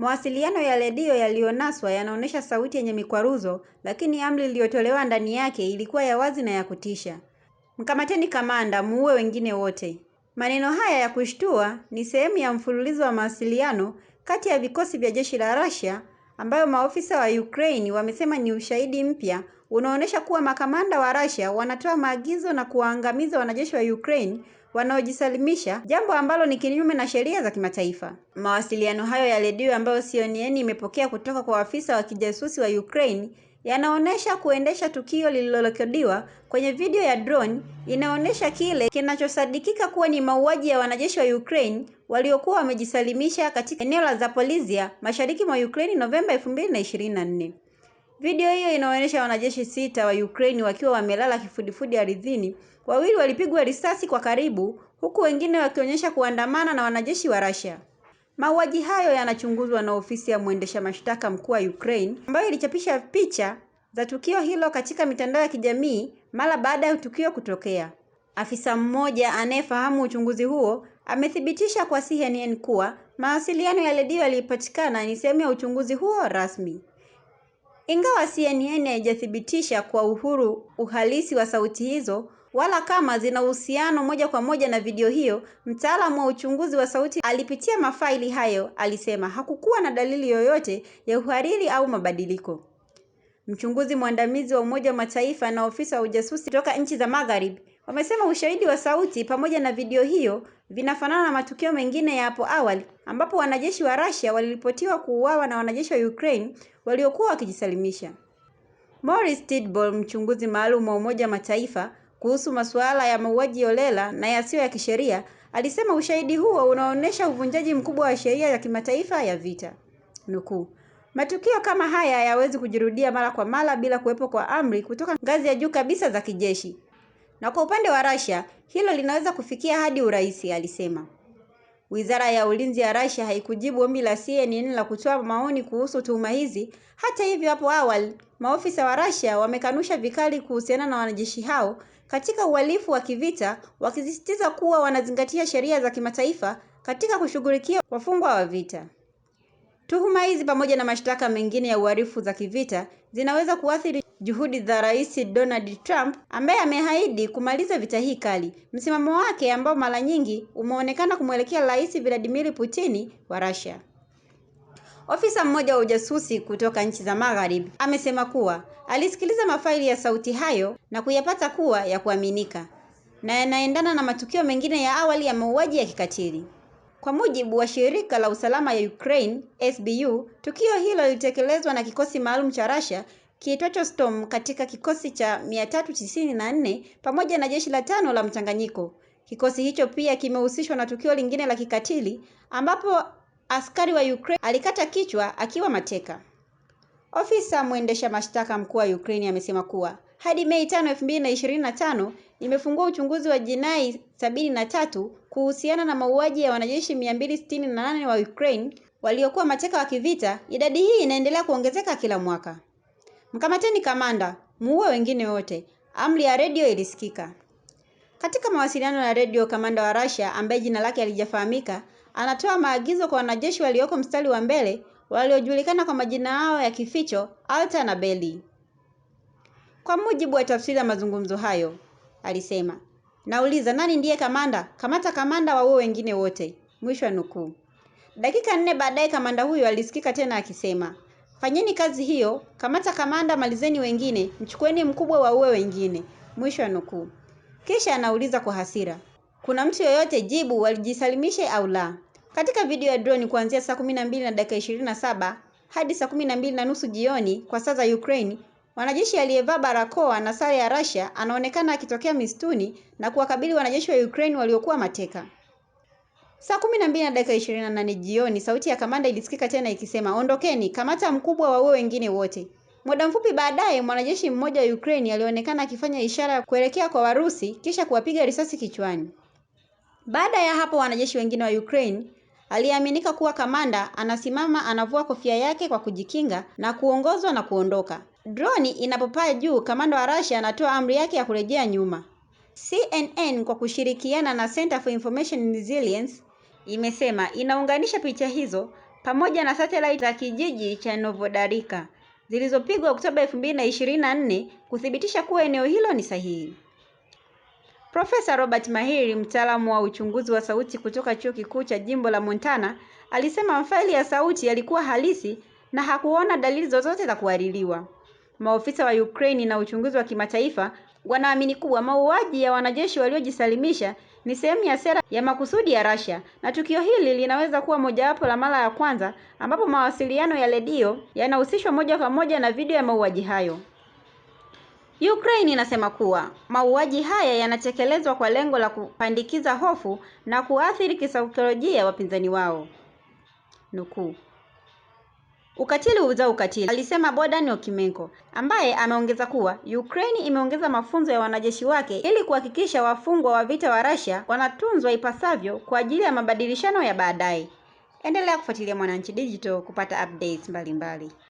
Mawasiliano ya redio yaliyonaswa yanaonyesha sauti yenye mikwaruzo, lakini amri iliyotolewa ndani yake ilikuwa ya wazi na ya kutisha: mkamateni kamanda, muue wengine wote. Maneno haya ya kushtua ni sehemu ya mfululizo wa mawasiliano kati ya vikosi vya jeshi la Russia ambayo maofisa wa Ukraine wamesema ni ushahidi mpya unaonesha kuwa makamanda wa Russia wanatoa maagizo na kuwaangamiza wanajeshi wa Ukraine wanaojisalimisha, jambo ambalo ni kinyume na sheria za kimataifa. Mawasiliano hayo ya redio ambayo CNN imepokea kutoka kwa afisa wa kijasusi wa Ukraine yanaonyesha kuendesha tukio lililorekodiwa kwenye video ya drone inaonyesha kile kinachosadikika kuwa ni mauaji ya wanajeshi wa Ukraine waliokuwa wamejisalimisha katika eneo la Zaporizhia, mashariki mwa Ukraine Novemba 2024. Video hiyo inaonyesha wanajeshi sita wa Ukraine wakiwa wamelala kifudifudi ardhini. Wawili walipigwa risasi kwa karibu huku wengine wakionyesha kuandamana na wanajeshi wa Russia. Mauaji hayo yanachunguzwa na ofisi ya mwendesha mashtaka mkuu wa Ukraine ambayo ilichapisha picha za tukio hilo katika mitandao ya kijamii mara baada ya tukio kutokea. Afisa mmoja anayefahamu uchunguzi huo amethibitisha kwa CNN kuwa mawasiliano ya redio yaliyopatikana ni sehemu ya uchunguzi huo rasmi. Ingawa CNN haijathibitisha kwa uhuru uhalisi wa sauti hizo, wala kama zina uhusiano moja kwa moja na video hiyo. Mtaalamu wa uchunguzi wa sauti alipitia mafaili hayo, alisema hakukuwa na dalili yoyote ya uhariri au mabadiliko. Mchunguzi mwandamizi wa Umoja wa Mataifa na ofisa wa ujasusi kutoka nchi za Magharibi wamesema ushahidi wa sauti pamoja na video hiyo vinafanana na matukio mengine ya hapo awali ambapo wanajeshi wa Russia waliripotiwa kuuawa na wanajeshi wa Ukraine waliokuwa wakijisalimisha. Morris Tidball, mchunguzi maalum wa Umoja wa Mataifa, kuhusu masuala ya mauaji holela na yasiyo ya kisheria, alisema ushahidi huo unaonyesha uvunjaji mkubwa wa sheria ya kimataifa ya vita. Nukuu, matukio kama haya hayawezi kujirudia mara kwa mara bila kuwepo kwa amri kutoka ngazi ya juu kabisa za kijeshi, na kwa upande wa Russia hilo linaweza kufikia hadi urais, alisema. Wizara ya Ulinzi ya Russia haikujibu ombi la CNN la kutoa maoni kuhusu tuhuma hizi. Hata hivyo, hapo awali, maofisa wa Russia wamekanusha vikali kuhusiana na wanajeshi hao katika uhalifu wa kivita, wakisisitiza kuwa wanazingatia sheria za kimataifa katika kushughulikia wafungwa wa vita. Tuhuma hizi pamoja na mashtaka mengine ya uhalifu za kivita zinaweza kuathiri juhudi za Rais Donald Trump ambaye ameahidi kumaliza vita hii kali. Msimamo wake ambao mara nyingi umeonekana kumwelekea Rais Vladimir Putin wa Russia. Ofisa mmoja wa ujasusi kutoka nchi za Magharibi amesema kuwa alisikiliza mafaili ya sauti hayo na kuyapata kuwa ya kuaminika na yanaendana na matukio mengine ya awali ya mauaji ya kikatili. Kwa mujibu wa shirika la usalama ya Ukraine SBU, tukio hilo lilitekelezwa na kikosi maalum cha Russia kiitwacho Storm katika kikosi cha 394 pamoja na jeshi la tano la mchanganyiko. Kikosi hicho pia kimehusishwa na tukio lingine la kikatili ambapo askari wa Ukraine alikata kichwa akiwa mateka. Ofisa mwendesha mashtaka mkuu wa Ukraine amesema kuwa hadi Mei 5, 2025 imefungua uchunguzi wa jinai sabini na tatu kuhusiana na mauaji ya wanajeshi 268 wa Ukraine waliokuwa mateka wa kivita. Idadi hii inaendelea kuongezeka kila mwaka. Mkamateni kamanda, muue wengine wote. Amri ya redio ilisikika. Katika mawasiliano ya redio, kamanda wa Russia ambaye jina lake halijafahamika anatoa maagizo kwa wanajeshi walioko mstari wa mbele waliojulikana kwa majina yao ya kificho Alta na Beli. Kwa mujibu wa tafsiri ya mazungumzo hayo, alisema, nauliza nani ndiye kamanda? Kamata kamanda, waue wengine wote. Mwisho wa nukuu. Dakika nne baadaye kamanda huyo alisikika tena akisema, Fanyeni kazi hiyo, kamata kamanda, malizeni wengine, mchukueni mkubwa, waue wengine. Mwisho wa nukuu. Kisha anauliza kwa hasira, kuna mtu yoyote jibu walijisalimishe au la? Katika video ya droni kuanzia saa kumi na mbili na dakika ishirini na saba hadi saa kumi na mbili na nusu jioni kwa saa za Ukraine, mwanajeshi aliyevaa barakoa na sare ya Russia anaonekana akitokea mistuni na kuwakabili wanajeshi wa Ukraine waliokuwa mateka. Saa kumi na mbili na dakika ishirini na nane jioni sauti ya kamanda ilisikika tena ikisema, ondokeni, kamata mkubwa waue wengine wote. Muda mfupi baadaye mwanajeshi mmoja wa Ukraine alionekana akifanya ishara ya kuelekea kwa Warusi kisha kuwapiga risasi kichwani. Baada ya hapo, wanajeshi wengine wa Ukraine aliaminika kuwa kamanda anasimama anavua kofia yake kwa kujikinga na kuongozwa na kuondoka. Droni inapopaa juu, kamanda wa Russia anatoa amri yake ya kurejea nyuma. CNN kwa kushirikiana na Center for Information Resilience imesema inaunganisha picha hizo pamoja na satellite za kijiji cha Novodarika zilizopigwa Oktoba 2024 kuthibitisha kuwa eneo hilo ni sahihi. Profesa Robert Mahiri, mtaalamu wa uchunguzi wa sauti kutoka Chuo Kikuu cha Jimbo la Montana, alisema mafaili ya sauti yalikuwa halisi na hakuona dalili zozote za kuhaririwa. Maofisa wa Ukraine na uchunguzi wa kimataifa wanaamini kuwa mauaji ya wanajeshi waliojisalimisha ni sehemu ya sera ya makusudi ya Russia na tukio hili linaweza kuwa mojawapo la mara ya kwanza ambapo mawasiliano ya redio yanahusishwa moja kwa moja na video ya mauaji hayo. Ukraine inasema kuwa mauaji haya yanatekelezwa kwa lengo la kupandikiza hofu na kuathiri kisaikolojia wapinzani wao. Nukuu, Ukatili huzaa ukatili, alisema Bodan Okimenko, ambaye ameongeza kuwa Ukraine imeongeza mafunzo ya wanajeshi wake ili kuhakikisha wafungwa wa vita wa Russia wanatunzwa ipasavyo kwa ajili ya mabadilishano ya baadaye. Endelea kufuatilia Mwananchi Digital kupata updates mbalimbali mbali.